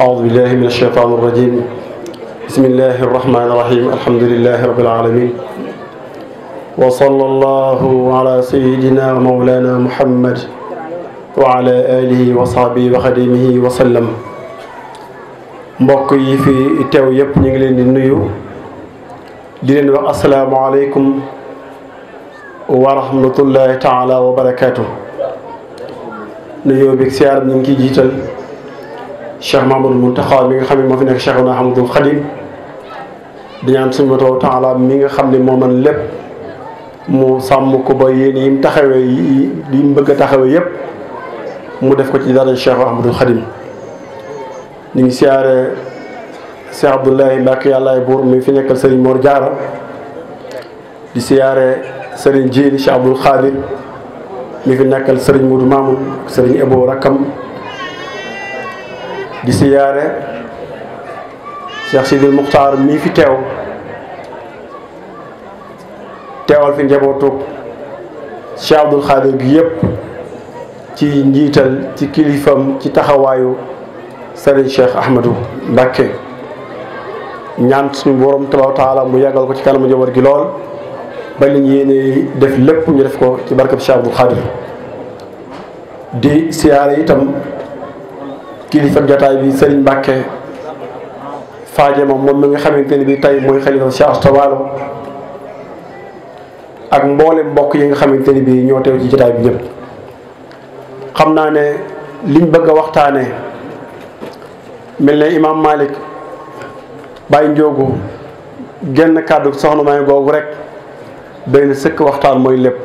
أعوذ بالله من الشيطان الرجيم بسم الله الرحمن الرحيم الحمد لله رب العالمين وصلى الله على سيدنا ومولانا محمد وعلى آله وصحبه وخديمه وسلم mbokk yi fi teew yépp ñu ngi leen di nuyu di leen wax asalaamualeykum wa rahmatullahi taala wa barakaatu nuyoo bi siyaar ñu ngi ciy jiital cheikh Mamadou Mountakha mi nga xam ne moo fi na Ahmadou Khadim di ñaan suñu taw taala mi nga xam ne moo man lépp mu sàmm ko ba yéen yim taxawee yi yim bëgg a taxawee yépp mu def ko ci dara cheikh Ahmadou Khadim ñu ngi siyaare cheikh Abdoulaye Mbacke yàllaay buur mi fi nekkal Serigne Mor Diarra di siyaare sëriñ Djili cheikh Abdoul Khadir mi fi nekkal Serigne Moudou Mamoun Serigne Ebo Rakam. di siyaare Cheikh Sidil Muxtaar mii fi teew teewal fi njabootu Cheikh Abdul Xaadir gi yépp ci njiital ci kilifam ci taxawaayu Serigne Cheikh Ahmadou Mbacké ñaan suñu bu tabaaraka wa taala mu yàggal ko ci kanamu njaboot gi lool ba li ñu yéene def lépp ñu def ko ci barkab Cheikh Abdul Xaadir di siyaare itam. kilifa jataay bi Serigne mbakke Fadje moom moom mi nga xamante ne bii tey mooy xalifa Cheikh Asta Walo ak mboole mbokk yi nga xamante ne bii ñoo teew ci jotaay bi ñëpp xam naa ne liñ bëgg a waxtaanee mel ne Imaam Malick Baye Ndiogu genn kàddu soxna may googu rek doy na sëkk waxtaan mooy lépp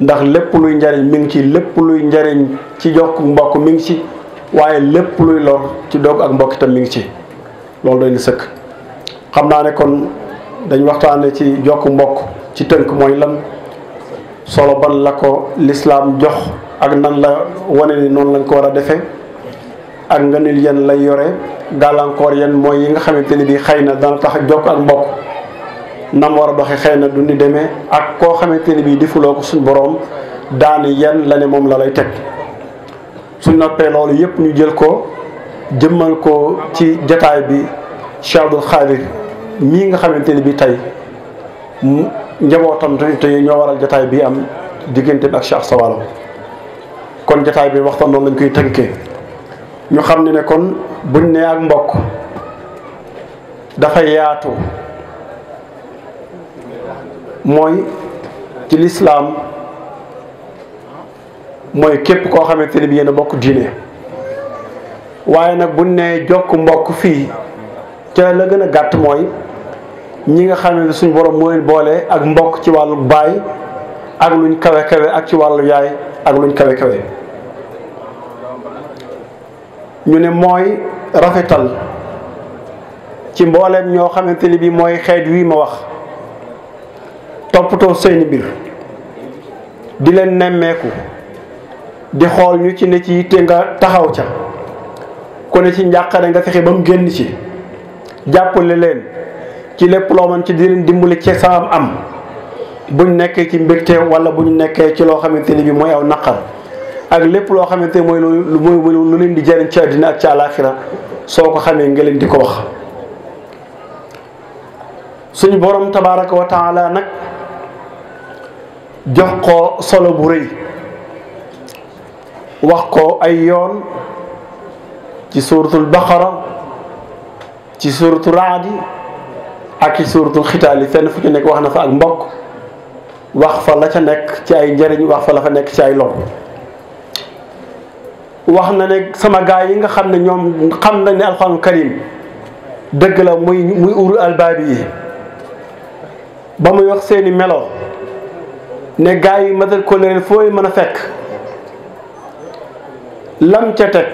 ndax lépp luy njariñ mi ngi ci lépp luy njariñ ci jokk mbokk mi ngi ci waaye lépp luy lor ci dog ak mbokk itam mi ngi ci loolu doy na sëkk xam naa ne kon dañ waxtaane ci jokk mbokk ci tënk mooy lan solo ban la ko lislaam jox ak nan la wane ni noonu lañ ko war a defee ak nga nil yan lay yore gàllankoor yan mooy yi nga xamante ni bi xëy na dana tax jokk ak mbokk nam war a doxe xëy na du ni demee ak koo xamante ni bii difuloo ko suñ boroom daan yan la ne moom la lay teg su noppee loolu yëpp ñu jël ko jëmmal ko ci jataay bi Cheikh Abdoul Khadir mii nga xamante ni bi tey njabootam te ñoo waral jataay bi am diggante bi ak Cheikh Asta kon jataay bi waxtaan noonu lañ koy tënkee ñu xam ne ne kon buñ ne ak mbokk dafa yaatu mooy ci lislaam mooy képp koo xamante ne bi yéen a bokk diine waaye nag buñ ne jokk mbokk fii ca la gën a gàtt mooy ñi nga xam ne suñ borom moo boole ak mbokk ci wàllu baay ak luñ kawe kawe ak ci wàllu yaay ak luñ kawe kawe ñu ne mooy rafetal ci mbooleem ñoo xamante ni bi mooy xeet wii ma wax toppatoo seeni mbir di leen nemmeeku di xool ñu ci ne ci yitte nga taxaw ca ku ne ci njàqare nga fexe bam génn ci jàppale leen ci lépp loo mën ci di leen dimbali ci saam am buñ nekkee ci mbégte wala ñu nekkee ci loo xamante ni bi mooy aw naqar ak lépp loo xamante mooy lu mooy lu leen di jëriñ ci àddina ak ci àlaaxira soo ko xamee nga leen di ko wax suñu boroom tabaaraka wa nag jox ko solo bu rëy wax ko ay yoon ci suuratul baqara ci suuratul raadi ak ci suuratul xitaal yi fenn fu ci nekk wax na fa ak mbokk wax fa la ca nekk ci ay njëriñ wax fa la fa nekk ci ay lor wax na ne sama gaa yi nga xam ne ñoom xam nañ ne alxuraan karim dëgg la muy muy uru albaabi yi ba mu wax seeni melo ne gaay yi ma dal ko leen fooy mën a fekk lam ca teg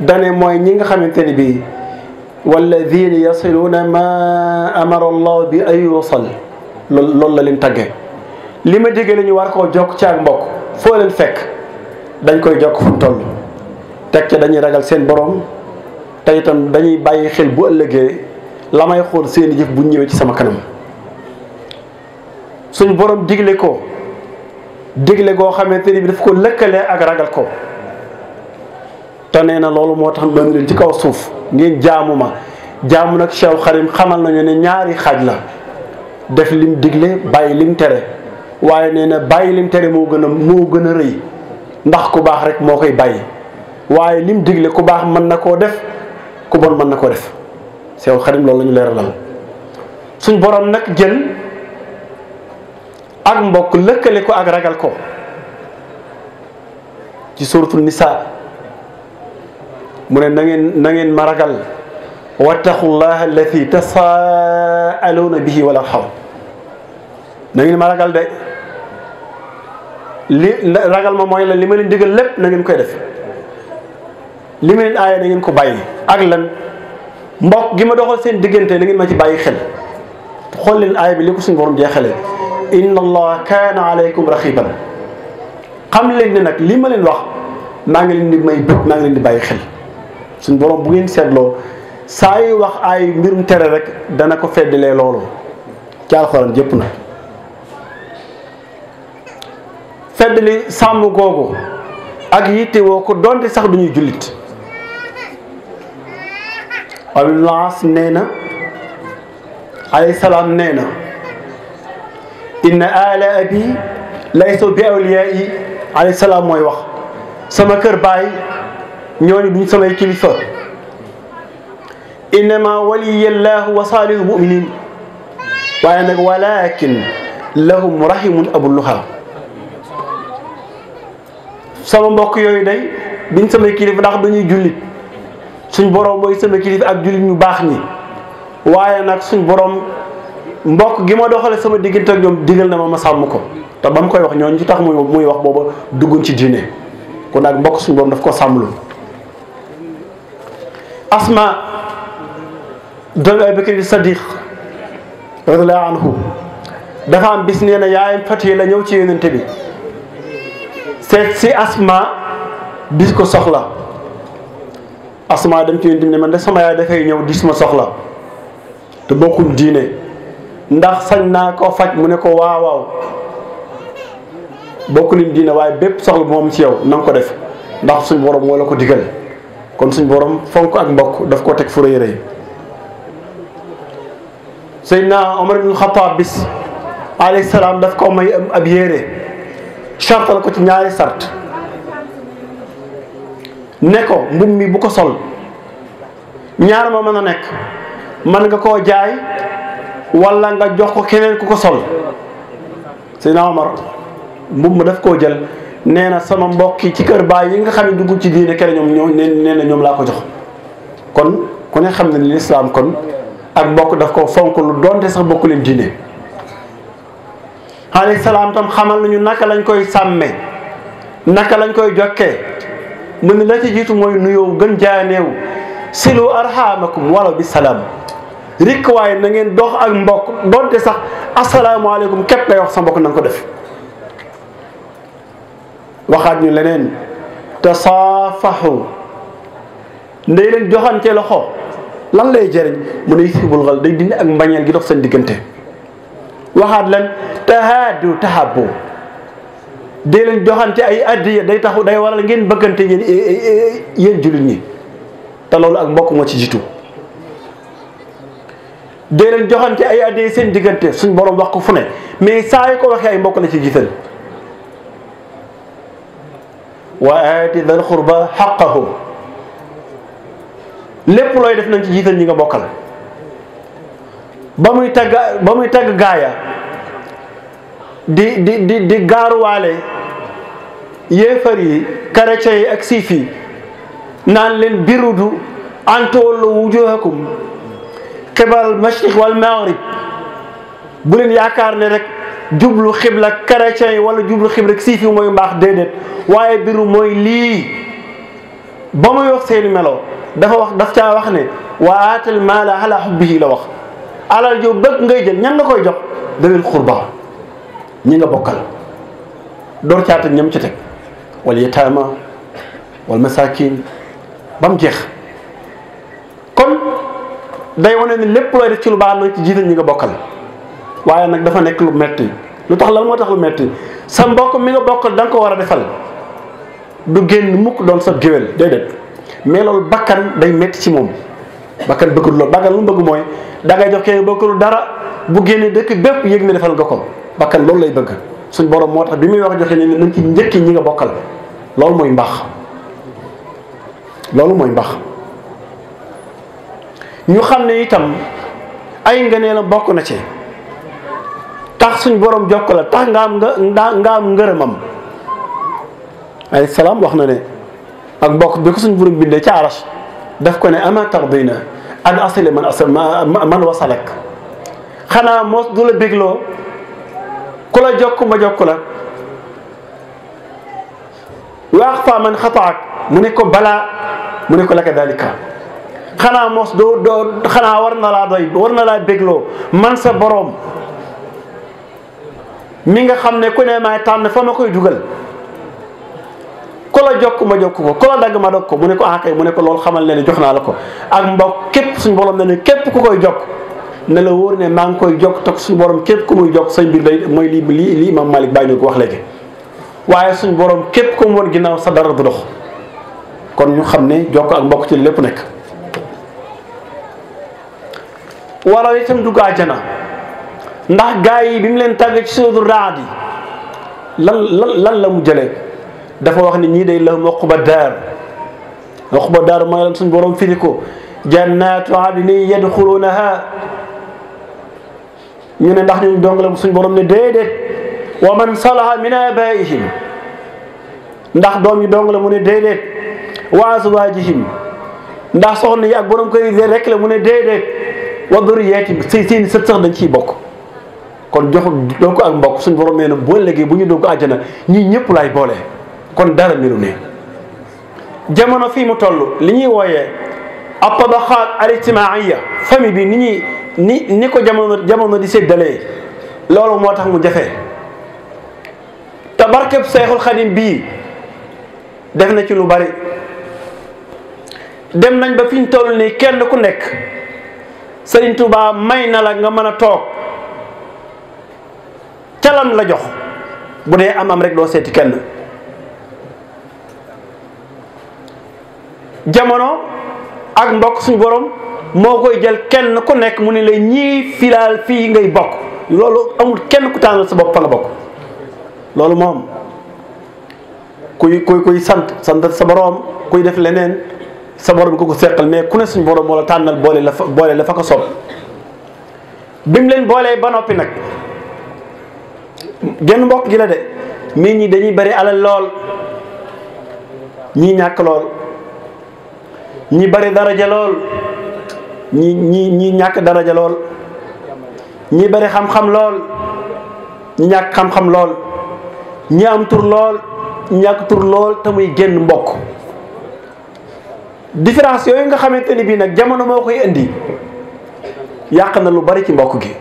dane mooy ñi nga xamante ni bii walladina ne ma amara allah bi ay yusal lool loolu la leen tàggee li ma jege nañu war koo jokk ci ak mbokk foo leen fekk dañ koy jokk fu mu toll teg ca dañuy ragal seen borom te itam dañuy bàyyi xel bu ëllëgee la may xool seeni jëf bu ñëwee ci sama kanam suñ borom digle ko digle goo xamante ni bi daf ko lëkkale ak ragal ko te nee na loolu moo tax doon leen ci kaw suuf ngeen jaamu ma jaamu nag sew Xarim xamal nañu ne ñaari xaaj la def lim digle bàyyi lim tere waaye nee na bàyyi lim tere moo gën a moo gën a rëy ndax ku baax rek moo koy bàyyi waaye lim digle ku baax mën na koo def ku bon mën na koo def sew Xarim loolu lañu ñu leeralal suñ borom nag jën ak mbokk lëkkale ko ak ragal ko ci suratul nisa mu ne na ngeen na ma ragal wattaqullaha allati tasaaluuna bihi wal arham na ngeen ma ragal de li ragal ma mooy la li ma leen digal lépp nangeen koy def li ma leen aaye na ngeen ko bàyyi ak lan mbokk gi ma doxal seen diggante na ngeen ma ci bàyyi xel xool leen aaya bi li ko suñu borom jeexalee inna allaha kaana aleykum raxiban xam leen ne nag li ma leen wax maa ngi leen di may bët di bàyyi xel suñ borom bu ngeen seetloo saa yu wax ay mbirum tere rek dana ko feddalee loolu ci alxuraan na nag feddali sàmm googu ak yitte woo ko donte sax duñuy jullit abulaas nee na alayhi salaam nee na inna ala abi layso bi salaam mooy wax sama kër bàyyi ñooñu duñ samay kilifa innama waliyallahu wa saalihul muminin waaye nag walakin lahum rahimun abulluha sama mbokk yooyu day duñ samay kilifa ndax duñuy jullit suñ borom mooy sama kilifa ak jullit ñu baax ñi waaye nag suñ boroom mbokk gi ma doxale sama diggante ñoom digal na ma sàmm ko te ba mu koy wax ñooñu ci tax muy muy wax booba dugguñ ci diine kon nag mbokk suñu borom daf ko sàmmlu asma doomi abubakar sadiq radiallahu anhu dafa am bis nee na yaayam fatiye la ñëw ci yonente bi seet si asma bis ko soxla asma dem ci yonente bi ne man de sama yaay dafay ñëw dis suma soxla te bokkul diine ndax sañ naa ko faj mu ne ko waawaaw bokku lim diine waaye bépp soxla bu moom ci yow na ko def ndax suñu borom moo la ko digal kon suñ boroom fonk ak mbokk daf koo teg fu rëy rëy Seydina Omar ibn Xattaab bis alayhi salaam daf ko may ab yére sartal ko ci ñaari sart ne ko mbubb mi bu ko sol ñaar ma mën a nekk mën nga koo jaay walla nga jox ko keneen ku ko sol Seydina Omar mbubb ma daf koo jël nee na sama mbokk yi ci kër baay yi nga xam ne dugg ci diine kere ñoom ñoo nee na ñoom laa ko jox kon ku ne xam ne ni lislaam kon ak mbokk daf ko fonk lu donte sax bokk leen diine alayhi tam xamal nañu naka lañ koy sàmme naka lañ koy jokkee la ci jiitu mooy nuyoo gën jaaneew silu arhamakum wala bi salaam rikk waaye na ngeen dox ak mbokk donte sax asalaamaaleykum képp ngay wax sa mbokk na ko def waxaat ñu leneen tasaafaxu ndey leen joxante loxo lan lay jëriñ mu ne yusibul xal day dindi ak mbañeel gi dox seen diggante waxaat leen tahaadu tahabu dee leen joxante ay addiya day taxu day waral ngeen bëggante yéen eh, eh, eh, yéen jullit ñi te loolu ak mbokk moo ci jiitu dee leen joxante ay addiya seen diggante suñ borom wax ko fu ne mais saa yu ko waxee ay mbokk la ci jiital wa aati dal xurba xaqahu lépp looy def nañ ci jiital ñi nga bokkal ba muy tagg ba muy tagg gaaya di di di di gaaruwaale yéefar yi chrétien yi ak siif yi naan leen birudu an tuwallu wujuhakum qibal al mashriq wal maghrib bu leen yaakaar ne rek jublu xibla chrétien yi wala jublu xibla siif yi mooy mbaax déedéet waaye biru mooy lii ba muy wax seeni melo dafa wax daf caa wax ne wa aatal maala ala xubbihi la wax alal ju bëgg ngay jël ñan nga koy jox dawil xurba ñi nga bokkal door caata ñam ci teg wal yataama wal masaakin ba mu jeex kon day wane ne lépp looy def ci lu baax na ci jiital ñi nga bokkal waaye nag dafa nekk lu metti lu tax lan moo tax lu metti sa mbokk mi nga bokkal da nga ko war a defal du génn mukk doon sa géwél déedéet mais loolu bakkan day metti ci moom bakkan bëggul loolu bakkan lu mu mooy da ngay jox kee dara bu génnee dëkk bépp yéeg defal nga ko bakkan loolu lay bëgg suñ borom moo bi muy wax joxe ne nañ ci njëkki ñi nga loolu mooy mbaax loolu mooy ñu xam ne itam ay ngëneel la bokk na ci tax suñ boroom jokk la tax nga am nga nga am ay salaam wax na ne ak bokk bi ko suñ borom bindee ca aras daf ko ne ama tardina an asile man asal man wasalak xanaa moos du la bégloo ku la jokk ma jokk la waax fa man xataak mu ne ko balaa mu ne ko laka dalika xanaa moos doo doo xanaa war na laa doy war na laa bégloo man sa boroom mi nga xam ne ku ne maay tànn fa ma koy dugal ku la jokk ma jokk ko ku la dagg ma dog ko mu ne ko ah kay mu ne ko loolu xamal ne ne jox naa la ko ak mbokk képp suñu borom ne ne képp ku koy jokk ne la wóor ne maa ngi koy jokk toog borom képp ku muy jokk sañ biir mooy lii lii lii Imam Malik bàyyi ñu ko wax léegi waaye suñu borom képp ku mu woon ginnaaw sa dara du dox kon ñu xam ne jokk ak mbokk ci lépp nekk wala itam dugg àjjana ndax gaa yi bi mu leen tàggee si soodu raad yi lan lan lan la mu jëlee dafa wax ni ñii day lahum uqba daar uqba daar mooy lan suñ borom firi ko jannaatu adnin yadxulunaha ñu ne ndax ñun dong la suñ borom ne déedéet wa man salaha min abaihim ndax doom yi dong la mu ne déedéet wa azwajihim ndax soxna yi ak borom kër yi rek la mu ne déedéet wa durriyatim seen sët sax dañ ciy bokk kon jox doog ko ak mbokk suñ borom nee na boo léegi bu ñu dugg àjjana ñii ñëpp laay boole kon dara melu ne jamono fii mu toll li ñuy wooyee at-tabaqaat al-ijtimaaiya famille bi ni ñuy ni ni ko jamono jamono di séddalee loolu moo tax mu jafe te barkeb Seexul Xadim bii def na ci lu bari dem nañ ba fi ñu toll nii kenn ku nekk Sëriñ Tuubaa may na la nga mën a toog ca la jox bu dee am am rek doo seeti kenn jamono ak mbokk suñu borom moo koy jël kenn ku nekk mu ne la ñii filaal fii ngay bokk loolu amul kenn ku tànnal sa bopp fa nga bokk loolu moom kuy kuy kuy sant sant sa borom kuy def leneen sa borom ko ko seqal mais ku ne suñu borom moo la tànnal boole la fa boole la fa ko sol bi mu leen boolee ba noppi nag genn mbokk gi la de nit ñi dañuy bari alal lool ñii ñàkk lool ñi bari daraja lool ñii ñii ñi ñàkk daraja lool ñi bari xam-xam lool ñi ñàkk xam-xam lool ñi am tur lool ñi ñàkk tur lool te muy génn mbokk différence yooyu nga xamante ni bii nag jamono moo koy indi yàq na lu bari ci mbokk gi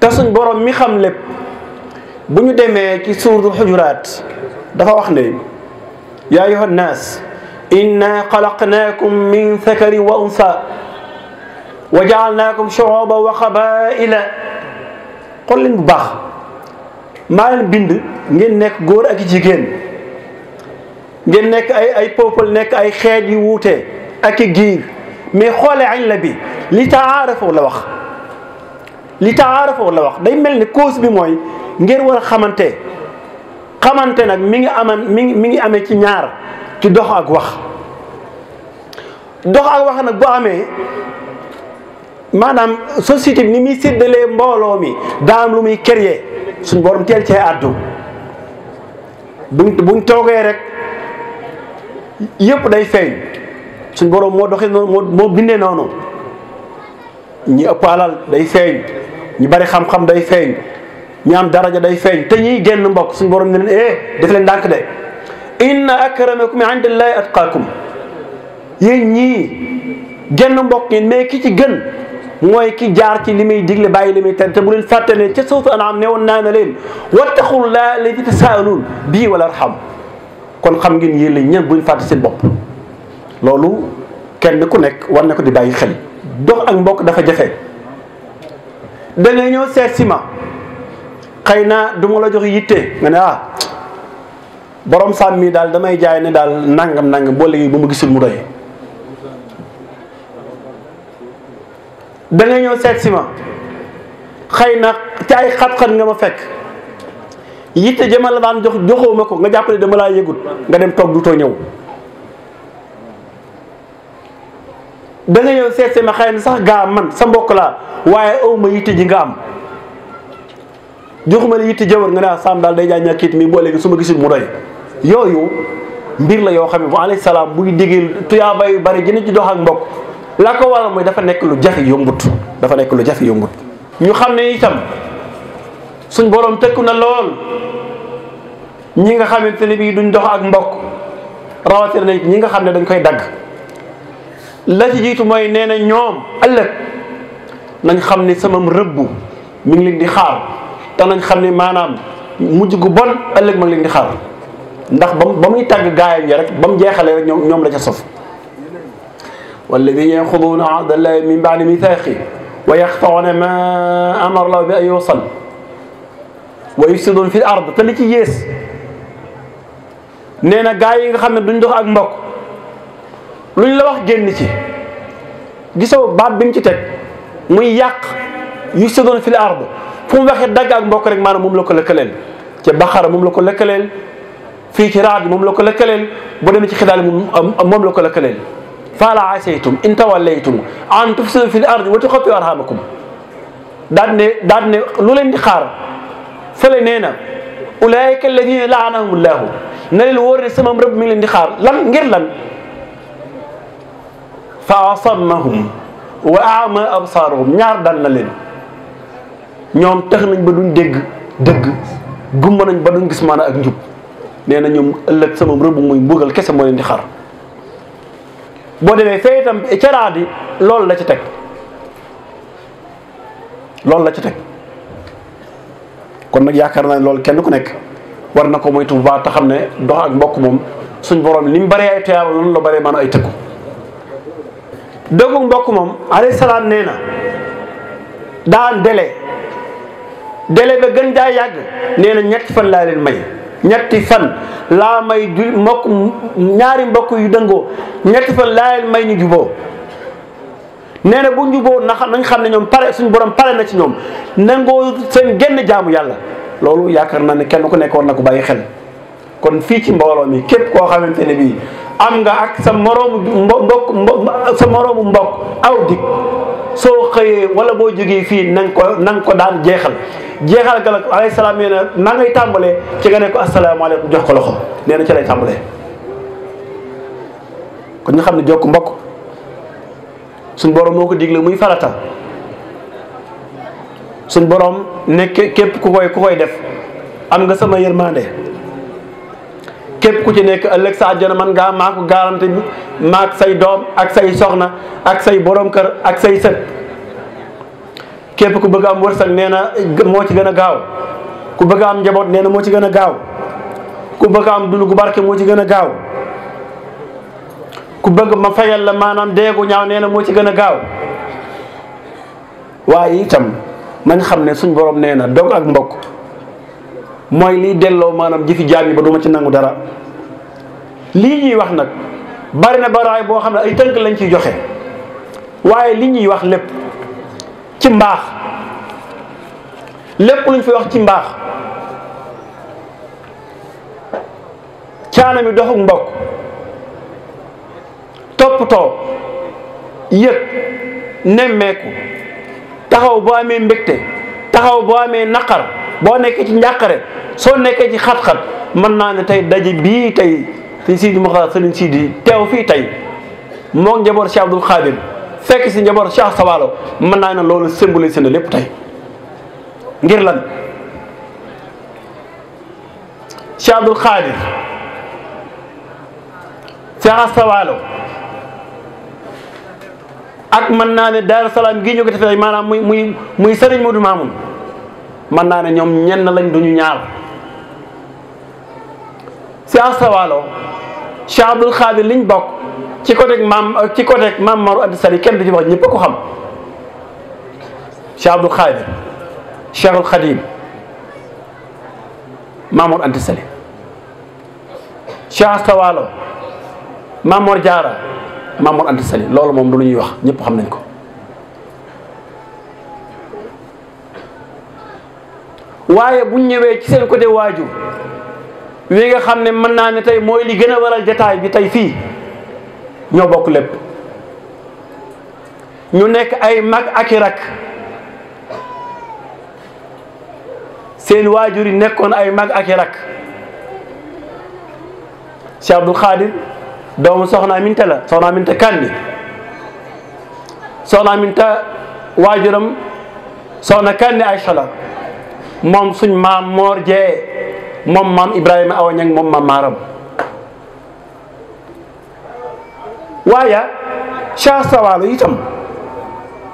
te suñ mi xam lépp bu ñu demee ci suuratul xujuraat dafa wax ne yaa ayyuha nnaas inna xalaqnaakum min zakari wa unsa wa jaalnaakum shuuban wa qabaa'ila xool leen bu baax maa leen bind ngeen nekk góor ak i jigéen ngeen nekk ay ay nekk ay xeet yu wuute ak i giir mais xoolee añ la bi li taarafu la wax li taarafa la wax day mel ni cause bi mooy ngir war a xamante xamante nag mi ngi aman mi ngi mi ngi amee ci ñaar ci dox ak wax dox ak wax nag bu amee maanaam société bi ni muy séddalee mbooloo mi daa am lu muy créer suñ borom teel cee àddu buñ buñ toogee rek yëpp day feeñ suñ borom moo doxee noonu moo moo noonu ñi ëpp day feeñ ñu bari xam-xam day feeñ ñu am daraja day feeñ te ñuy genn mbokk suñ borom ne leen eh def leen ndànk de inna akramakum indallahi atqaakum yéen ñii génn mbokk yi mais ki ci gën mooy ki jaar ci li muy digle bàyyi li muy tere te bu leen fàtte ne ca sawtu anaam ne woon naa na leen wattaqullaha alladi tasaaluun bii wal arham kon xam ngeen yéen la ñan buñ fàtte seen bopp loolu kenn ku nekk war na ko di bàyyi xel dox ak mbokk dafa jafe da ngay ñëw seet ma xëy na du la jox yitte nga ne ah borom sàmm mi daal damay jaay ne daal nangam nangam boo léegi bu ma gisul mu doy da ngay ñëw seet ma xëy na ci ay xat-xat nga ma fekk yitte jëma la daan jox joxoo ma ko nga jàppale dama laa yëgut nga dem toog du ñëw. da nga ñëw seet ma xëy sax gaa man sa mbokk laa waaye aw ma yitte ji nga am joxuma la yitte jawar nga ne ah Sam daal day jaay ñàkk mi boo gi su ma gisul mu doy yooyu mbir la yoo xam ne bu alayhi salaam buy digil tuyaaba yu bari dina ci dox ak mbokk la ko waral mooy dafa nekk lu jafe yombut dafa nekk lu jafe yombut. ñu xam ne itam suñ borom tëkku na lool ñi nga xamante ne bii duñ dox ak mbokk rawatina ñi nga xam ne dañ koy dagg. la ci mooy nee na ñoom ëllëg nañ xam ne sama rëbbu mi ngi leen di xaar te nañ xam ne maanaam mujj gu bon ëllëg ma ngi leen ndax ba ba muy tàgg gaayam yi rek ba mu jeexalee rek ñoom ñoom la ca sof walladina yaxuduuna ahda allahi min baadi mithaaqi wa yaxtawna ma amara llahu bi an yuwsal wa yufsiduuna fi l ard te li ci yées nee na gaay yi nga xam ne duñ dox ak mbok luñ la wax génn ci gisoo baat bi mu ci teg muy yàq yu si doon fil ardu fu mu waxee dagg ak mbokk rek maanaam moom la ko lëkkaleel ci Baxara moom la ko lëkkaleel fii ci Raad moom la ko lëkkaleel boo demee ci Xidaal moom la ko lëkkaleel. faala asaytum in tawallaytum an tufsidu fil ardi wa tuqatti'u arhamakum daal ne daal ne lu leen di xaar fële nee na ulaayika alladina laanahum llahu na leen wóor ne sama rëbb mi ngi leen di xaar lan ngir lan. fa asammahum wa ama absaarahum ñaar dal na leen ñoom tax nañ ba duñ dégg dëgg gumba nañ ba duñ gis maanaam ak njub nee na ñoom ëllëg sama rëbb muy mbugal kese moo leen di xar boo demee fee itam caraa di loolu la ci teg loolu la ci teg kon nag yaakaar naa ne loolu kenn ku nekk war na ko moytu bu baax te xam ne dox ak mbokk moom suñ borom li mu bëree ay tuyaaba noonu la bëree maanaam ay tëkku dëggu mbokk moom alayhi salaam nee na daan délai délai ba gën jaa yàgg nee na ñetti fan laa leen may ñetti fan laa may ju mbokk ñaari mbokk yu dëngoo ñetti fan laa leen may ñu juboo nee na bu ñu juboo na nañ xam ne ñoom pare suñu borom pare na ci ñoom nangoo seen genn jaamu yàlla loolu yaakaar naa ne kenn ku nekkoon na ko bàyyi xel kon fii ci mbooloo mi képp koo xamante ne bii am nga ak sa moroomu mbokk sa moroomu mbokk aw dig soo xëyee wala boo jógee fii na ko na ko daan jeexal jeexal ga la alayhi salaam nee na na ngay tàmbalee ci nga ne ko asalaamaaleykum jox ko loxo nee na ci lay tàmbalee. kon ñu xam ne jokk mbokk suñ borom moo ko digle muy farata suñ borom ne képp ku koy ku koy def am nga sama yërmande. képp ku ci nekk ëllëg sa àjjana man ngaa maa ko garanti maak say doom ak say soxna ak say borom kër ak say sët képp ku bëgg am wërsëg nee na moo ci gën a gaaw ku bëgg am njaboot nee na moo ci gën a gaaw ku bëgg am dund gu barke moo ci gën a gaaw ku bëgg ma fayal la maanaam deegu ñaaw nee na moo ci gën a gaaw waaye itam man xam ne suñ boroom nee na dog ak mbokk mooy liy delloo maanaam jëfi jaam yi ba duma ci nangu dara lii ñuy wax nag bari na baraay boo xam ne ay tënk lañ ciy joxe waaye li ñuy wax lépp ci mbaax lépp luñ fi wax ci mbaax caana mi doxuk mbokk toppatoo yëg nemmeeku taxaw boo amee mbégte taxaw boo amee naqar boo nekkee ci njàqare soo nekkee ci xat-xat mën naa ne tey daje bii tey sëñ Sidi Moxtaar sëriñ Sidi teew fii tey moom njaboot Cheikh Abdoul Khadir fekk si njaboot Cheikh Sawalo mën naa ne loolu symbolisé na lépp tey ngir lan Cheikh Abdoul Khadir Cheikh Sawalo ak mën naa ne Daaru Salaam gii ñu ko defee maanaam muy muy muy sëriñ Modou Mamoun man naa ne ñoom ñenn lañ duñu ñaar si astawaalo Cheikh Abdoul Khadir liñ bokk ci côté maam ci côté maam Mor Anta Sali kenn du ci wax ñëpp a ko xam Cheikh Abdoul Khadir Cheikhul Khadim maam Mor Anta Sali Cheikh maam Mor Jaara maam Mor Anta Sali loolu moom du lu ñuy wax ñëpp xam nañ ko waaye bu ñëwee ci seen côté waajur wi nga xam ne mën naa ne tey mooy li gën a waral jataay bi tey fii ñoo bokk lépp ñu nekk ay mag ak i rak seen waajur yi nekkoon ay mag ak i rak Cheikh Abdoul Khadir doomu Soxna Aminta la Soxna Aminta Kandi Soxna Aminta waajuram Soxna Kandi Aïcha la moom suñ maam moor Dieye moom maam Ibrahima Awa Niang moom maam Maaram waaye Cheikh Sawalu itam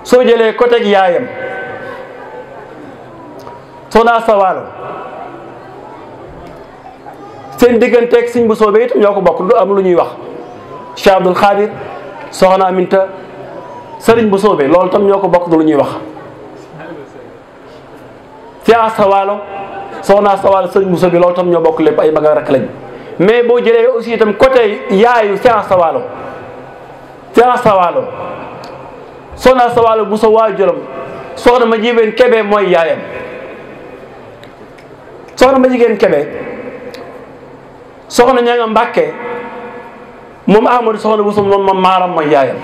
soo jëlee côté ak soo naa Sawalu seen digganteeg Sëñ bu soobee itam ñoo ko bokk du am lu ñuy wax Cheikh Abdoul Khadir Soxna Aminta Sëriñ bu soobee loolu tam ñoo ko bokk du lu ñuy wax. Fia Sawaalo Soxna Sawaalo sëriñ Moussa bi loolu tam ñoo bokk lépp ay mag rakk lañ mais boo jëlee aussi itam côté yaayu Fia Sawaalo Fia Sawaalo Soxna Sawaalo Moussa waajuram soxna ma jigéen Kebe mooy yaayam soxna ma jigéen Kebe soxna ña nga Mbàkke moom Amadou soxna Moussa moom ma maaram mooy yaayam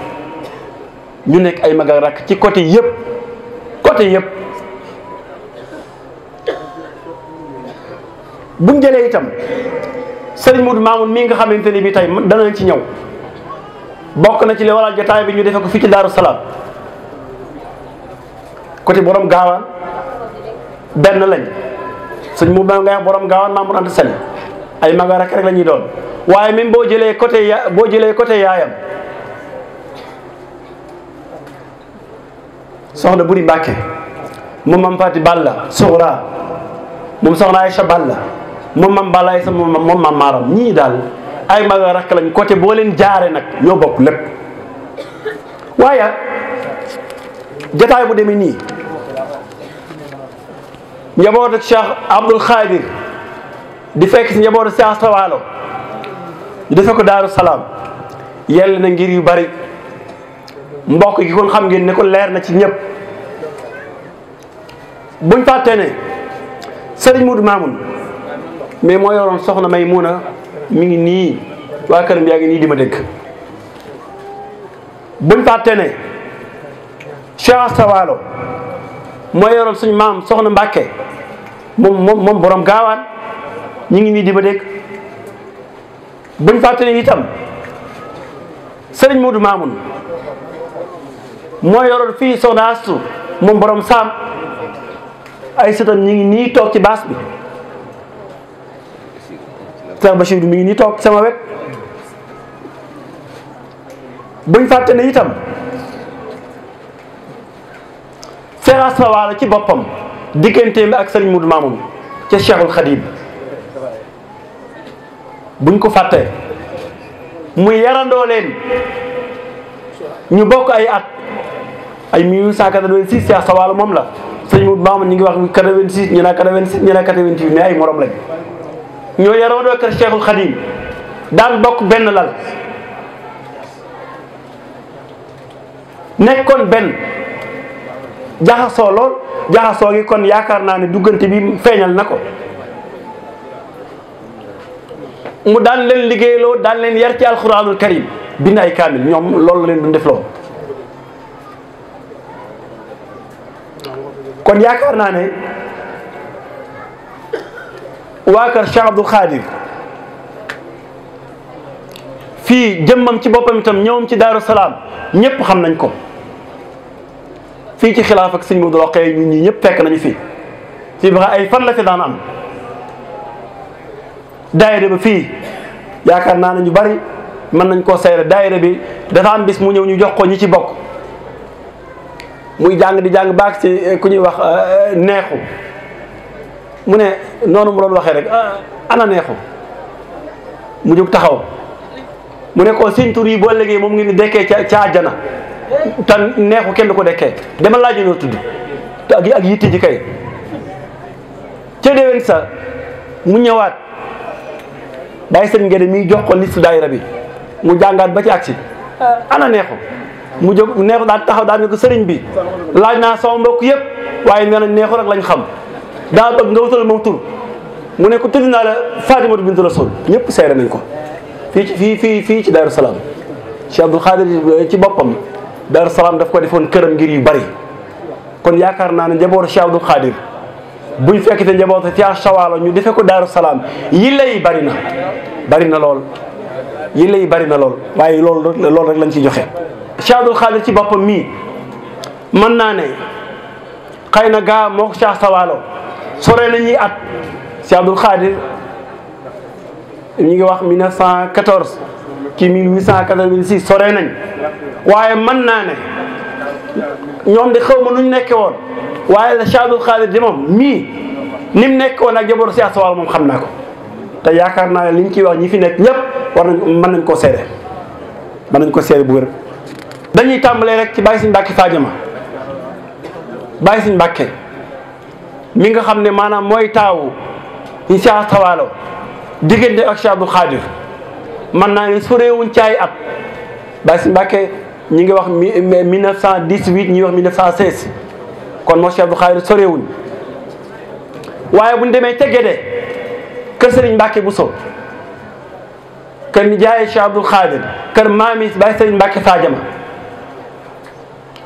ñu nekk ay mag rakk ci côté yëpp côté yëpp. buñ jëlee itam sëriñ Modou Mamoun mii nga xamante ni bii tey danañ ci ñëw bokk na ci li waral jotaay bi ñu defee ko fii ci Daaru Salaam côté borom gaawaan benn lañ sëñ mu ma ngay wax borom gaawaan Mamour Anta Sali ay maga rek rek la ñuy doon waaye même boo jëlee côté boo jëlee côté yaayam soxna Buri Mbàkke moom Mam Fati Balla Suxra moom soxna Aïcha Balla moom mam balaay sama moom mam maaram ñii daal ay mag a rakk lañ côté boo leen jaare nag ñoo bokk lépp waaye jataay bu demee nii njabootu Cheikh Abdoul Khadir di fekk si njabootu Cheikh Sawaalo ñu defe ko Daaru Salaam yell na ngir yu bari mbokk gi kon xam ngeen ne ko leer na ci ñëpp buñ fàttee ne Serigne Moudou Mamoun mais moo yoroon soxna may mun a mi ngi nii waa këram yaa ngi nii di ma dégg buñ fàtte ne Cheikh Asta Walo moo yoroon suñ maam soxna mbake moom moom moom borom gaawaan ñu ngi nii di ma dégg buñ fàtte ne itam Sëriñ Moodu Maamun moo yoroon fii soxna Astu moom borom saam ay sëtam ñu ngi nii toog ci baas bi Cheikh Bachir mu ngi nii toog sama wet buñ fàtte ne itam Cheikh Asma Wala ci boppam digganteem ak Serigne Modou Mamoun ca Cheikhul buñ ko fàtte mu yarandoo leen ñu bokk ay at ay 1986 Cheikh Asma Wala moom la Serigne Modou Mamoun ñu ngi wax 86 ñu naan 86 ñu naan 88 mais ay moroom lañ. ñoo yaroodoo kër Cheikhul Khadim daal bokk benn lal nekkoon benn jaxasoo lool jaxasoo gi kon yaakaar naa ne duggante bi feeñal na ko mu daan leen liggéeyloo daan leen yar ci alxuraanul karim bind ay kaamil ñoom loolu leen duñ def loo kon yaakaar naa ne waa kër Cheikh Abdoul Khadir fii jëmmam ci boppam itam ñëwam ci Daaru Salaam ñëpp xam nañ ko fii ci xilaaf ak sëñ Modou Rokhaya ñun ñii ñëpp fekk nañu fii fii ba ay fan la fi daan am daayira ba fii yaakaar naa ne ñu bari mën nañ koo seere daayira bi dafa am bis mu ñëw ñu jox ko ñi ci bokk muy jàng di jàng baax ci ku ñuy wax euh, neexu mu ne noonu mu doon waxee rek ah, ana neexu mu jóg taxaw mu nekk ko seen tur yi boo léegi moom ngeen di dekkee ca ca àjjana te neexu kenn du ko dekkee dama laaj noo tudd te ak ak yitte ji kay ca déwén sa mu ñëwaat bàyyi sëñ ngeen mi jox ko liste daayira bi mu jàngaat ba ci agsi ana neexu mu jóg neexu daal taxaw daal ne sëriñ bi laaj naa sama mbokk yëpp waaye nee neexu rek lañ xam daa bëgg nga wutal moom tur mu nekk ko tudd naa la Fatimatu bintu Rasul ñëpp seere nañ ko fii ci fii fii fii ci Daaru Salaam ci Abdul Xaadir ci boppam Daaru Salaam daf ko defoon këram ngir yu bari kon yaakaar naa ne njabootu Cheikh Abdul Xaadir buñ fekkite njabootu ci Sawaalo ñu defe ko Daaru Salaam yi lay bari na bari na lool yi lay bari na lool waaye loolu loolu rek lañ ci joxe Cheikh Abdul Xaadir ci boppam mii mën naa ne xëy na gaa moo ko Cheikh Sawaalo sore nañuy at si Abdul Xaadir ñu ngi wax 1914 kii 1886 sore nañ waaye mën naa ne ñoom di xaw ma nuñ nekkee woon waaye la si Abdul Xaadir di moom mii ni mu nekk woon ak jaboru si aswaal moom xam naa ko te yaakaar naa ne liñ ciy wax ñi fi nekk ñëpp war nañ mën nañ koo seede mën nañ ko seede bu wér dañuy tàmbalee rek ci bàyyi suñ mbàkke faajama bàyyi suñ mbàkke mi nga xam ne maanaam mooy taawu ñu Cheikh Tawaalo diggante ak Cheikh Abdou Khadir man naa ne soreewuñ caay at Baye si Mbàkke ñi ngi wax mille neuf cent dix-huit ñi wax mille neuf cent seize kon moo Cheikh Abdou Khadir soreewuñ waaye buñ demee ca Gédé kër Serigne bu Bousso kër nijaay Cheikh Abdou Khadir kër maamis Baye sëriñ Mbàkke Fadiama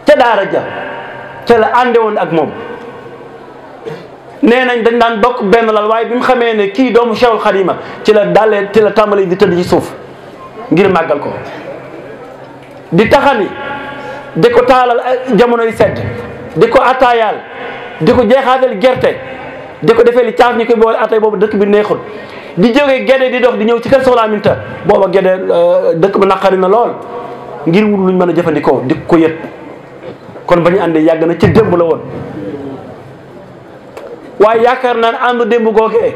ca daara ja ca la ànde woon ak moom nee nañ dañ daan dokk benn lal waaye bi mu xamee ne kii doomu Cheikhul Xadima ci la dalee ci la tàmbali di tëdd ci suuf ngir màggal ko di taxani di ko taalal eh, jamonoy sedd di ko attaayaal di ko jeexaatal gerte di ko defee li caaf ñu koy boole attay boobu dëkk bi neexul di jógee gede di dox di ñëw ci kër soxla aminta booba gede eh, dëkk ba naqari na lool ngir wut luñ mën a jëfandikoo di ko yët kon ba ñu àndee yàgg na ci démb la woon waaye yaakaar naa ne àndu démb googee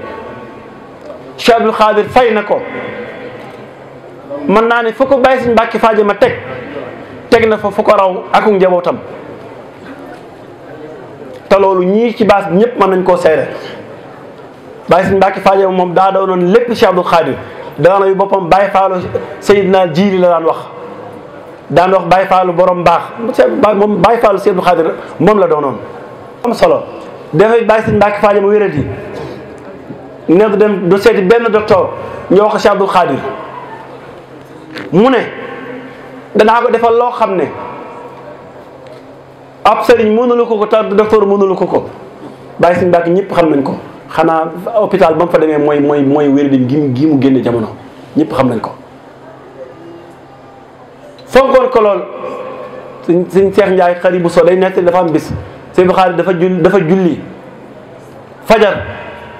Cheikh Abdou Khadir fay na ko mën naa ne fu ko bàyyi suñ mbàkki faaje ma teg teg na fa fu ko raw ak njabootam te loolu ñii ci baas bi ñëpp mën nañ koo seere bàyyi suñ mbàkki faaje ma moom daa doonoon lépp Cheikh Abdou Khadir daan yu boppam bàyyi faalu Seydina Jiili la daan wax daan wax bàyyi faalu borom baax moom bàyyi faalu Cheikh la doonoon am solo dafay bàyyi si Mbàkke Faal mu wéradi ne du dem du seeti benn docteur ñoo wax ko Cheikh Abdoul mu ne danaa ko defal loo xam ne ab sëriñ mënulu ko ko te docteur mënulu ko ko bàyyi si Mbàkke ñëpp xam nañ ko xanaa hôpital ba mu fa demee mooy mooy mooy wéradi gi gi mu génne jamono ñëpp xam nañ ko fonkoon ko lool suñ suñ Cheikh Ndiaye xarit bu so day nekk dafa am bis sëñ bi xaalis dafa jul dafa julli fajar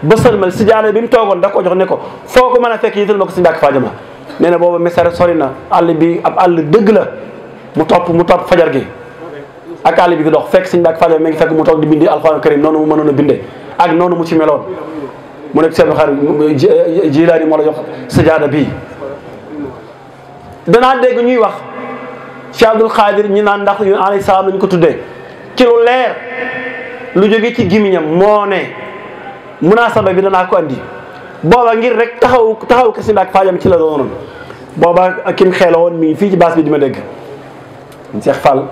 ba sëlmal si jaana bi mu toogoon da ko jox ne ko foo ko mën a fekk yital ma ko si ndàkk faajama nee na booba mesare sori na àll bi ab àll dëgg la mu topp mu topp fajar gi ak àll bi di dox fekk si ndàkk faajama mi ngi fekk mu toog di bindi alxuraan karim noonu mu mënoon a noonu mu ci meloon mu nekk sëñ bi xaalis jilaani moo jox si jaana bii ñuy wax ci Abdul Xaadir ñi naan ndax yu alayhi salaam lañ ko tuddee ci lu leer lu jóge ci gémmiñam moo ne munaasaba bi danaa ko andi booba ngir rek taxaw taxaw kasi ak faajam ci la doonoon booba kim xeela woon mi fii ci baas bi di ma dégg Cheikh Fall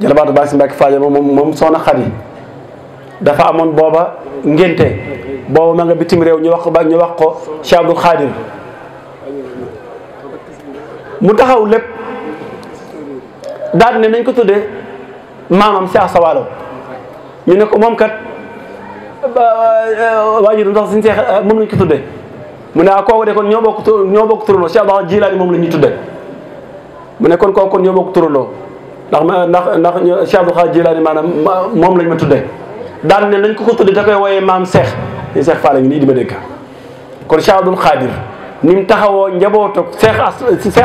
jëlabaatu baas bi ak faajam moom moom soxna xar yi dafa amoon booba ngénte booba ma nga bitim réew ñu wax ko ba ñu wax ko Cheikh Abdou mu taxaw lépp daal ne nañ ko tuddee maamam si asawaalo ñu ne ko moom kat waajuram sax suñu seex moom lañ ko tuddee mu ne ah kooku de kon ñoo bokk ñoo bokk turandoo Cheikh Abdou moom la ñuy tuddee mu ne kon kooku bokk turandoo ndax ma ndax ndax Cheikh Abdou Jilaani maanaam moom lañ ma tuddee daan ne lañ ko ko tuddee da koy wooyee maam Cheikh ni Cheikh Fall ngi nii di ma dégg ni mu taxawoo njabootug Cheikh as Cheikh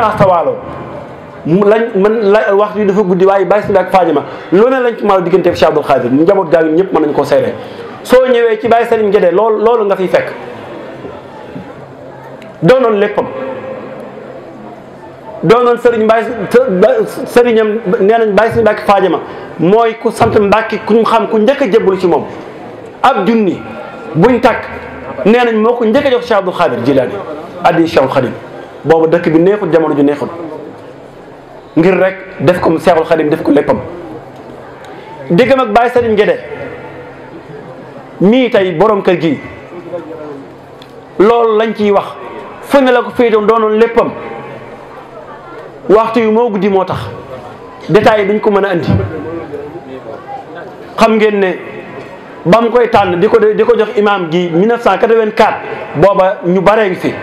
lañ man la wax du dafa guddi waaye bàyyi si ak faajama loo ne lañ ci maaw diggante Cheikh Abdou Khadir njaboot gaa ngi ñëpp mën koo seere soo ñëwee ci bàyyi Serigne Gédé loolu loolu nga fiy fekk doonoon léppam doonoon Serigne Mbaye Serigne nee nañ bàyyi si Mbàkke faajama mooy ku sant Mbàkke ku ñu xam ku njëkk a jébbalu ci moom ab junni buñ takk nee nañ moo ko njëkk a jox Cheikh Abdou Khadir Jilaani addi Cheikh Khadim boobu dëkk bi neexut jamono ju neexut ngir rek def ko mu seexul xadim def ko léppam diggam ak Baye Serigne Guédé mii tey boroom kër gi loolu lañ ciy wax fu ne la ko féetoon doonoon léppam waxtu yu moo guddi moo tax détails yi duñ ko mën a indi xam ngeen ne ba mu koy tànn di ko de di ko jox imaam gi 1984 booba ñu baree ngi fi.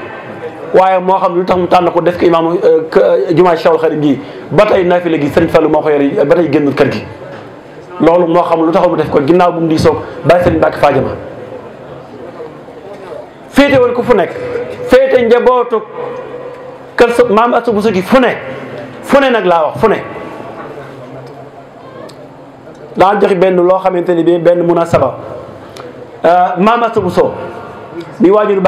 waaye moo xam lu tax mu tànn ko def ko imaam euh, jumaa Cheikhul Khadim gi ba tey naafila gi Serigne Fallou moo ko yore ba tey génnul kër gi loolu moo xam lu taxaw mu def ko ginnaaw bu mu di soog bàyyi Serigne Mbacke Fadiama féete ko fu nekk féete njabootu kër sa maam ak sa nag laa wax fu ne daan joxe benn loo xamante ni bii benn munasaba euh, maam ak sa bu soo di waajur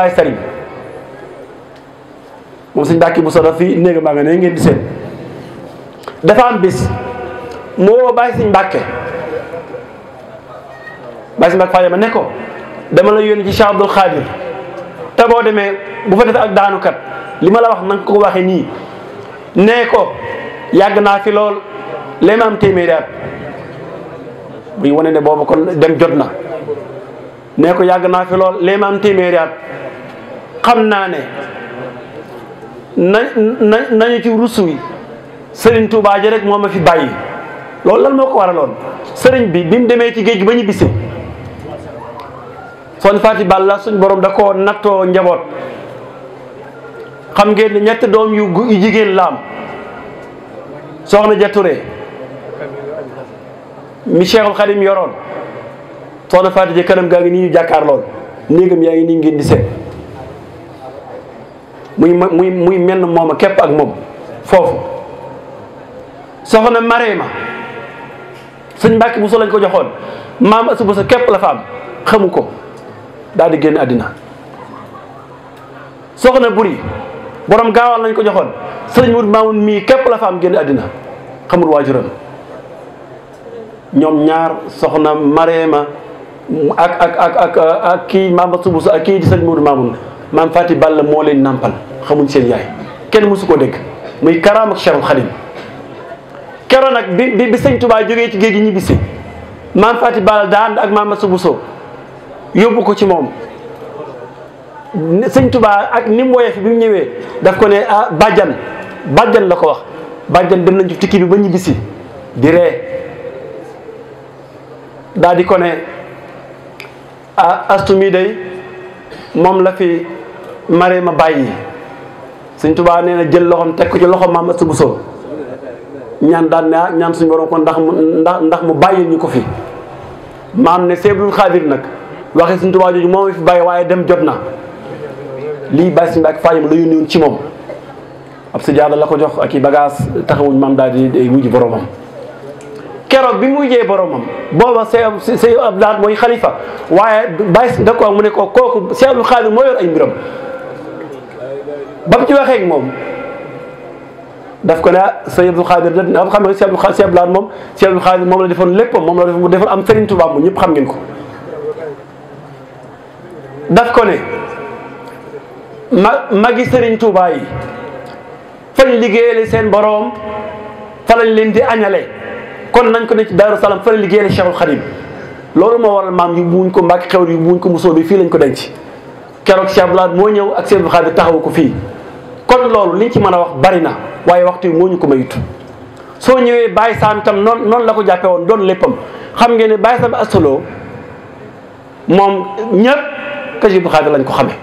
moom sëñ Mbàkke bu solo fii néega maa nga ne ngeen di seen dafa am bis moo bàyyi sëñ Mbàkke bàyyi sëñ Mbàkke Fadiama ne ko dama la yónni ci Cheikh Abdoul Khadir te boo demee bu fa defee ak daanukat li ma la wax nang nga ko waxee nii nee ko yàgg naa fi lool lee ma am téeméeri at muy wane ne boobu dem jot na nee ko yàgg naa fi lool lee ma xam naa ne na nañu ci rusuy sëriñ Touba ji rek moo ma fi bàyyi loolu lan moo ko waraloon sëriñ bi bi mu demee ci géej gi ba ñu bisee son fati balla suñ borom da koo nattoo njaboot xam ngeen ne ñetti doom yu jigéen laam soxna ja Touré mi Cheikhul Khadim yoroon soxna fati ji kanam gaa ngi nii ñu jàkkaar lool néegam yaa ngi nii ngeen di seet muy muy muy menn mooma képp ak moom foofu soxna Marema sëñ Mbàkke Buso lañ ko joxoon maam Asu Buso képp la fa am xamu ko daal di génn àddina soxna Buri boroom gaawaan lañ ko joxoon sëñ Mur Maamun mii képp la fa am génn àddina xamul waajuram ñoom ñaar soxna Marema ak ak ak ak ak kii maam Asu Buso ak kii di sëñ Mur Maamun maam Fati Ball moo leen nàmpal xamuñ seen yaay kenn mësu koo dégg muy karaam ak Cheikhul Khadim keroon nag bi bi bi sëñ Touba jógee ci géej gi ñibbisi maam Fati Balla daa ànd ak maam Massa Bousso yóbbu ko ci moom sëñ Touba ak ni mu fi bi mu ñëwee daf ko ne ah bàjjan bàjjan la ko wax bàjjan dem nañ ci tukki bi ba ñibbisi di day ah, moom la fi mare ma bàyyi suñ tubaa nee na jël loxoom teg ko ci loxo maam Asta Bousso ñaan daal ne ah, ñaan suñ borom ko ndax mu ndax ndax mu bàyyi ñu ko fi maam ne seebul xaadir nag waxee suñ tubaa jooju moom fi bàyyi waaye dem jot na lii bàyyi suñu bàyyi faajam la ci moom ab si jaada la ko jox ak i bagage taxawuñ maam daal di wujji boromam keroog bi mu wujjee boromam booba see see ab daal mooy xalifa waaye bàyyi da ko mu ne ko kooku seebul xaadir moo yor ay mbiram ba mu ci waxee moom daf ko ne ah sëñ Abdou Khadir da nga xam ne sëñ moom sëñ Abdou Khadir moom la defoon léppam moom la defoon mu defoon am Serigne Touba mu ñëpp xam ngeen ko. daf ko ne ma magi Serigne Touba yi fañ liggéeyale seen boroom fa lañ leen di añale kon nañ ko ne ci Daaru Salaam fa lañ liggéeyale Cheikhul Khadim loolu moo waral maam yu buñ ko mbàkk xewri yu buñ ko musoo bi fii lañ ko ci keroog Cheikh Abdoulaye moo ñëw ak Cheikh Xaadir taxaw ko fii kon loolu liñ ci mën a wax bari na waaye waxtu yi moo ñu ko mayut soo ñëwee Baye Sam itam noonu noonu la ko jàppee woon doon léppam xam ngeen ne Baye Sam asolo moom ñëpp Cheikh Xaadir lañ ko xamee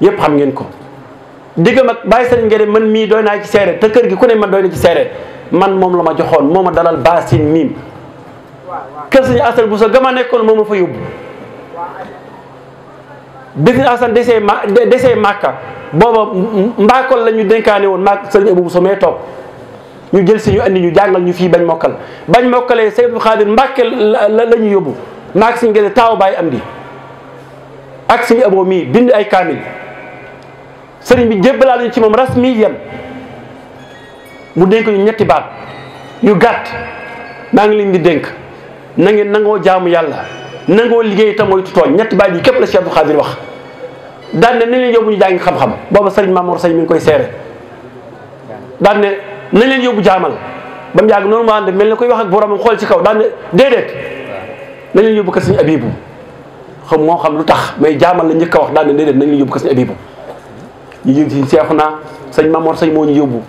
yëpp xam ngeen ko. diggam ak Baye Serigne Ngere man mii doy naa ci seere te kër gi ku ne man doy na ci seere man moom la ma joxoon moo ma dalal baasin miim kër Serigne Asal bu sa gama nekkoon moom ma fa yóbbu. bi fi Asan desee ma desee Màkka booba mbaakol la ñu woon maag sëriñ Abu Buso mee toog ñu jël si ñu andi ñu jàngal ñu fii bañ mokkal bañ mokkalee Seydu Xaadir Mbàkke la la ñu yóbbu maag si ngeen taaw am di ak suñu aboo mii bind ay kaamil sëriñ bi jébbalaal ñu ci moom rasmi yem mu dénk ñu ñetti baat yu gàtt maa ngi leen di dénk na ngeen nangoo jaamu yàlla nangoo liggéey te moytu tooñ ñetti baat yi képp la Cheikh Abdou Khadir wax daan ne nañ leen yóbbu ñu jàngi xam-xam booba sëriñ ngi koy seere daan ne nañ jaamal ba mu yàgg noonu mu ànd mel ne koy wax ak mu xool ci kaw daan ne déedéet nañ leen yóbbu ko sëriñ Abibu xam moo xam lu tax mais jaamal la njëkk a wax daan nañ leen yóbbu ko sëriñ Abibu ñu jëm ci seexu naa sëriñ Mamour Seye moo ñu yóbbu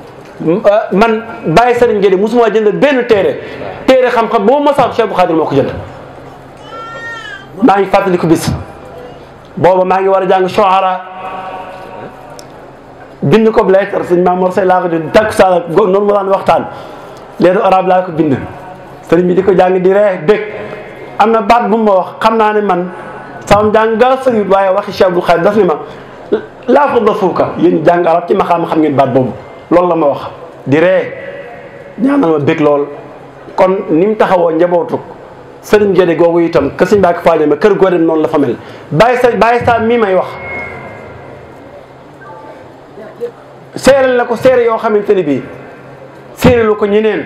euh, man bàyyi sëriñ Guédé musuma jënd benn téere téere xam-xam boo mosaan Cheikh Abdou Khadir moo ko jënd maa ngi fàttaliku bis booba maa ngi war a jàng Shuara bind ko lettre sëñ Maam Mor Seye laa ko di tàkku saa noonu mu daan waxtaan lettre arabe laa ko bind sëriñ bi di ko jàng di ree bég am na baat bu ma wax xam naa ne man sama jàng gaa sëriwut waaye waxi Cheikh Abdou Khadre daf ni ma laa ko da fuuka yéen jàng arab ci ma xam xam ngeen baat boobu loolu la ma wax di ree ñaanal ma bég lool kon ni mu taxawoo njabootuk sëriñ Gédé googu itam kër sëñ Mbàkke kër goo dem noonu la fa mel bàyyi sa bàyyi sa mii may wax seeral la ko seere yoo xamante ni bii seere lu ko ñeneen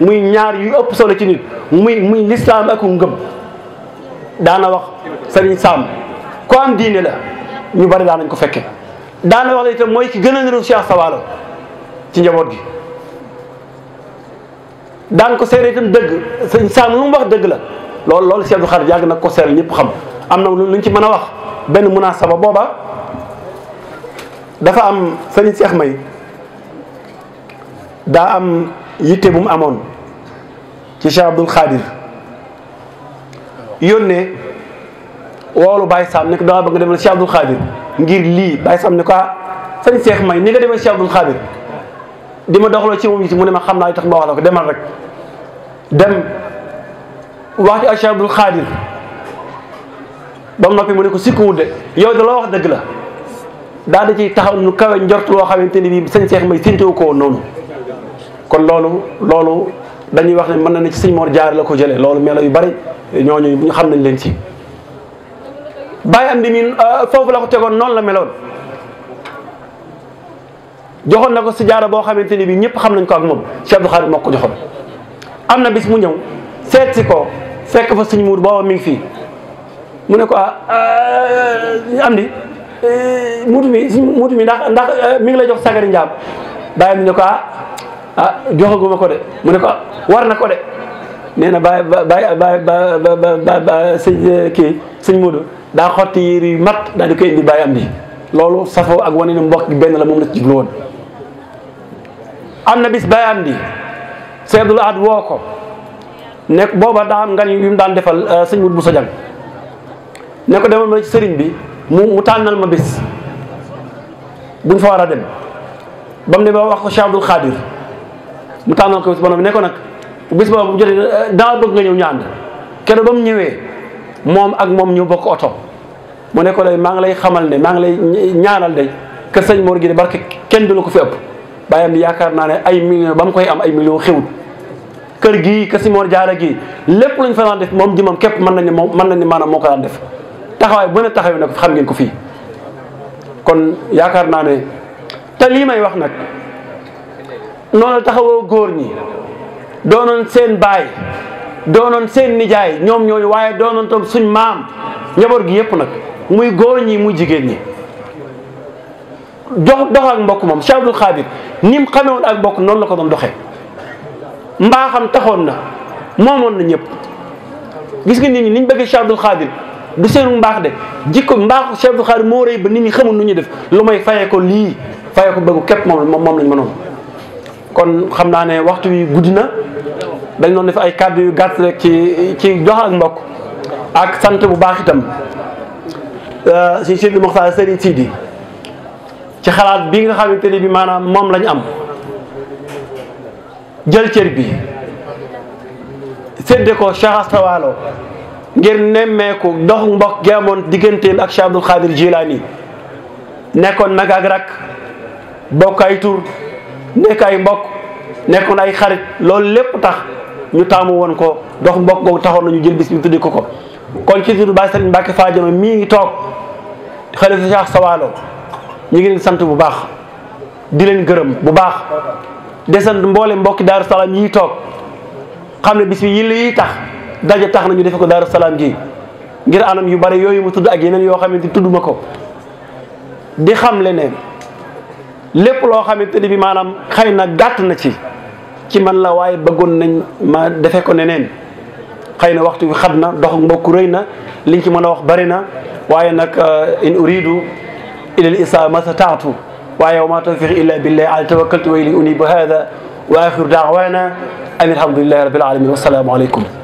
muy ñaar yu ëpp solo ci nit muy muy lislaam ak ngëm daana wax sëriñ Saam ko am diine la ñu bari daanañ ko fekke daana wax la itam mooy ki gën a niru Cheikh Sawaalo ci njaboot gi daan ko seere itam dëgg sëñ Saam lu mu wax dëgg la loolu loolu Cheikh Abdou Khadre yàgg na ko seel ñëpp xam am na lu ñu ci mën a wax benn munaasaba booba dafa am sëñ seex May daa am yitte bu mu amoon ci Cheikh Abdou Khadre yónnee woolu baay Sam ne ko dama bëgg nga demal Cheikh Abdou Khadre ngir lii Baye Sam ne ko ah, sëñ seex May ni nga demal Cheikh Abdou Khadre di ma doxaloo ci moom it mu ne ma xam naa li tax ma wax la ko demal rek dem wax ci Cheikh Abdul Xaadir ba mu noppi mu ne ko sikkuwut de yow da loo wax dëgg la daal di ciy taxaw nu kawe njort loo xamante ni bii sëñ Cheikh may séntu ko woon noonu kon loolu loolu dañuy wax ne mën na ne ci sëñ Mor Jaar la ko jëlee loolu melo yu bari ñooñu ñu xam nañ leen ci bàyyi am di miin euh, foofu la ko tegoon noonu la meloon. joxoon na ko si jaara boo xamante ni bii ñëpp xam nañ ko ak moom Cheikh Abdou Khadre moo ko joxoon am na bis mu ñëw seet si ko fekk fa suñu muur booba mi ngi fii mu ne ko ah am di mi ndax ndax mi ngi la jox sagari njaam bàyyi mu ah ah joxaguma ko de mu ne ko ah war na ko de nee na bàyyi ba bàyyi ba ba sëñ kii sëñ Moodu daa xotti yére yu mat daal di koy indi bàyyi am di loolu safoo ak wane ne mbokk benn la moom la ci woon am na bis bayaan bi seedul at woo ko nekk booba daa am ngan yu mu daan defal euh, sëñ wut bu sa jàng ne ko demal ma ci sëriñ bi mu mu tànnal ma bis buñ fa war a dem ba mu ne ba wax ko Cheikh Abdoul Khadir mu tànnal ko bis bi ne ko nag bis boobu bu jotee euh, daa bëgg nga ñëw ñu ànd kenn ba mu ñëwee moom ak moom ñu bokk oto mu ne ko maa ngi lay xamal ne maa ngi lay ñaanal de que sañ moor gi de barke kenn du la ko fi ëpp bàyyam yaakaar naa ne ay millions ba mu koy am ay millions xewut kër gi ka si Mor Jaara gi lépp lu fanaan fa daan def moom jëmam képp mën nañu moom mën nañu maanaam moo ko daan def taxawaay bu ne taxawee nag xam ngeen ko fii kon yaakaar naa ne te lii may wax nag noonu taxawoo góor ñi doonoon seen baay doonoon seen nijaay ñoom ñooñu waaye doonoon tam suñ maam njaboot gi yëpp nag muy góor ñi muy jigéen ñi jox dox ak mbokk moom Cheikh Abdoul Khadir ni mu xamee ak mbokk noonu la ko doon doxe mbaaxam taxoon na moomoon na ñëpp gis nga nit ñi ni ñu bëggee Cheikh Abdoul du seenu mbaax de jikko mbaaxu Cheikh Abdoul Khadir moo rëy ba nit ñi xamul nu ñuy def lu may fayee ko lii faye ko bëggu képp moom moom lañ mënoon kon xam naa ne waxtu wi guddi na dañ doon def ay kàddu yu gàtt rek ci ci jox ak mbokk ak sant bu baax itam si Sidi Mokhtar Serigne Sidi ci xalaat bii nga xamante ne bi maanaam moom lañu am jël cër bi sédde ko Cheikh Asta Walo ngir nemmeeku dox mbokk geemoon digganteem ak Cheikh Abdul Xaadir Jilaani nekkoon nag ak rak bokk ay tur nekk ay mbokk nekkoon ay xarit loolu lépp tax ñu taamu woon ko dox mbokk googu taxoon nañu jël bis bi tuddi ko ko kon ci turu Baay Sëriñ Mbàkke Faajama mii ngi toog xalifa Cheikh Sawaalo ñu ngi leen sant bu baax di leen gërëm bu baax desant sant mboole mbokki Daaru Salaam yi toog xam ne bis bi yi tax daje tax na ñu defe ko Daaru Salaam ji ngir anam yu bare yooyu mu tudd ak yeneen yoo xam xamante tudduma ko di xam le ne lépp loo xam xamante ni bi maanaam xëy na gàtt na ci ci man la waaye bëggoon nañ ma defe ko neneen xëy na waxtu bi xat na dox mbokk rëy na liñ ci mën a wax bari na waaye nag euh, in uridu ilal isaa ma sataatu waaye wa ma tawfiqi illa billahi ala tawakkaltu wa ilayhi unib hada wa axiru daawaana an alhamdulillahi rabbil alamin wasalaamu aleykum